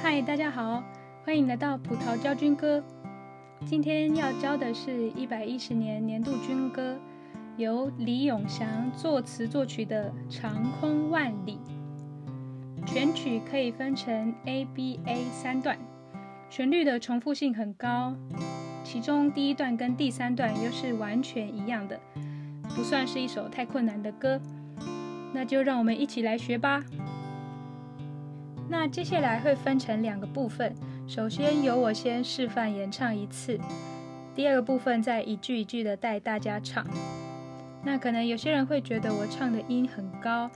嗨，大家好，歡迎來到葡萄教軍歌。今天要教的是一百一十年年度軍歌，由李永祥作詞作曲的《長空萬里》。全曲可以分成 ABA 三段，旋律的重複性很高。其中第一段跟第三段又是完全一樣的，不算是一首太困難的歌，那就讓我們一起來學吧。那接下來會分成兩個部分，首先由我先示範演唱一次，第二個部分再一句一句的帶大家唱。那可能有些人會覺得我唱的音很高，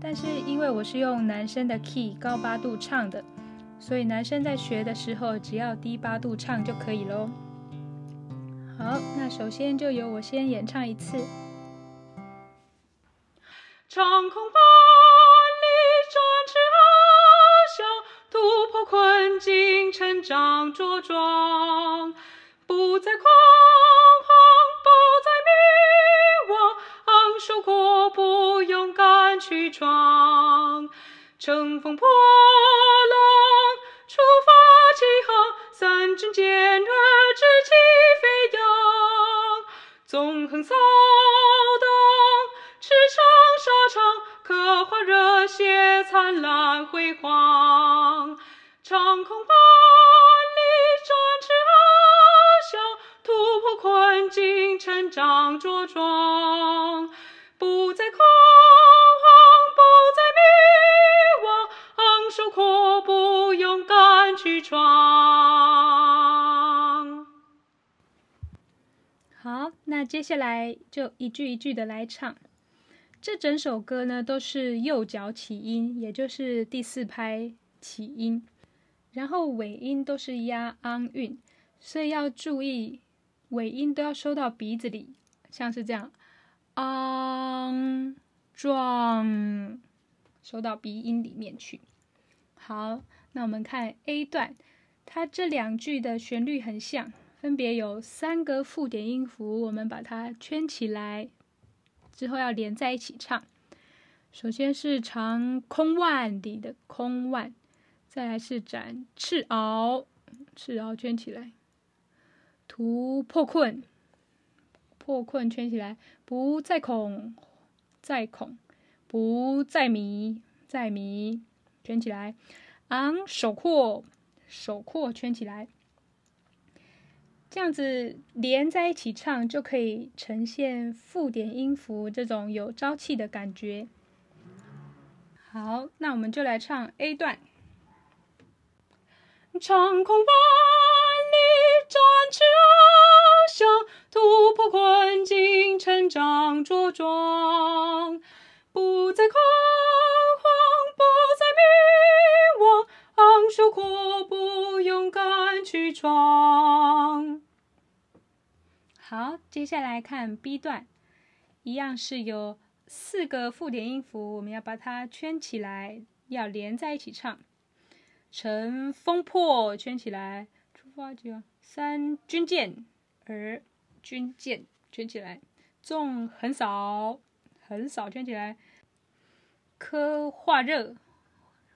但是因為我是用男生的 key 高八度唱的，所以男生在學的時候只要低八度唱就可以嘍。好，那首先就由我先演唱一次。長空萬里，展翅翱翔，突破困境，成長茁壯，不再恐慌，不再迷惘，昂首闊步，勇敢去闖，乘風破浪，出發起航，三軍健兒志氣，縱橫掃蕩，馳騁沙場，刻畫熱血燦爛輝煌。長空萬里，展翅翱翔，突破困境，成長茁壯。好，那接下來就一句一句的來唱。這整首歌呢，都是右腳起音，也就是第四拍起音，然後尾音都是押 ang 韻，on, in，所以要注意尾音都要收到鼻子裡，像是這樣 ang、壯，收到鼻音裡面去。好，那我們看 A 段，它這兩句的旋律很像。分別有三個附點音符，我們把它圈起來，之後要連在一起唱。首先是長空萬里，的空萬，再來是展翅翱，翅翱圈起來，突破困，破困圈起來，不再恐，再恐，不再迷，再迷圈起來，昂首闊，首闊圈起來。這樣子連在一起唱，就可以呈現附點音符這種有朝氣的感覺。好，那我們就來唱 A 段。長空萬里展翅翱翔，突破困境，成長茁壯，不再恐慌，慌，不再迷惘，昂首闊步，不勇敢去闖。好，接下來看 B 段，一樣是有四個附點音符，我們要把它圈起來，要連在一起唱。乘風破圈起來，出發啟，三軍健兒，軍健圈起來，縱橫掃，橫掃圈起來，刻劃熱，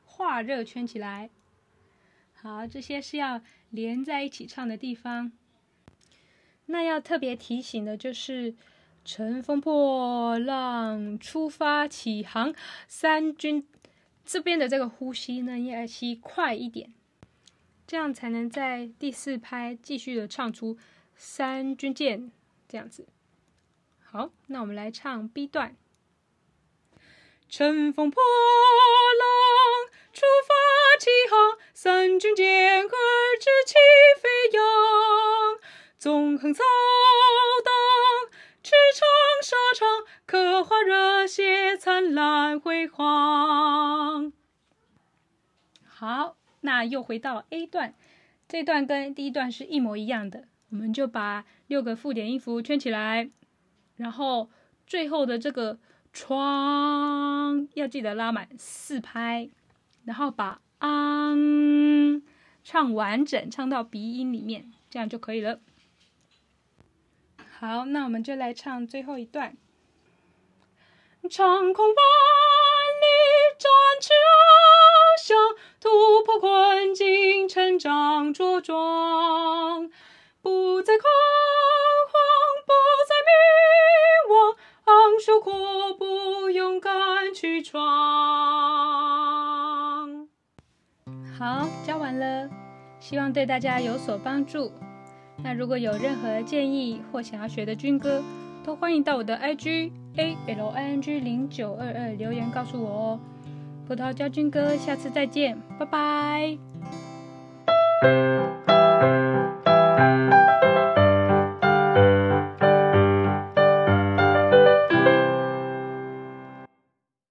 劃熱圈起來。好，這些是要連在一起唱的地方。那要特別提醒的就是，乘風破浪，出發起航，三軍這邊的這個呼吸呢，應該吸快一點，這樣才能在第四拍繼續的唱出“三軍健”這樣子。好，那我們來唱 B 段，“乘風破浪，出發起航，三軍健”。掃蕩，馳騁沙場，刻畫熱血燦爛輝煌。好，那又回到 A 段，這段跟第一段是一模一樣的，我們就把六個附點音符圈起來，然後最後的這個窗要記得拉滿四拍，然後把 ang 唱完整，唱到鼻音裡面，這樣就可以了。好，那我們就來唱最後一段。長空萬里展翅翱翔，突破困境成長茁壯，不再恐慌，不再迷惘，昂首闊步勇敢去闖。好，教完了，希望對大家有所幫助。那如果有任何的建議或想要學的軍歌，都歡迎到我的 I G A L I N G 零九二二留言告訴我哦。葡萄教軍歌，下次再見，拜拜。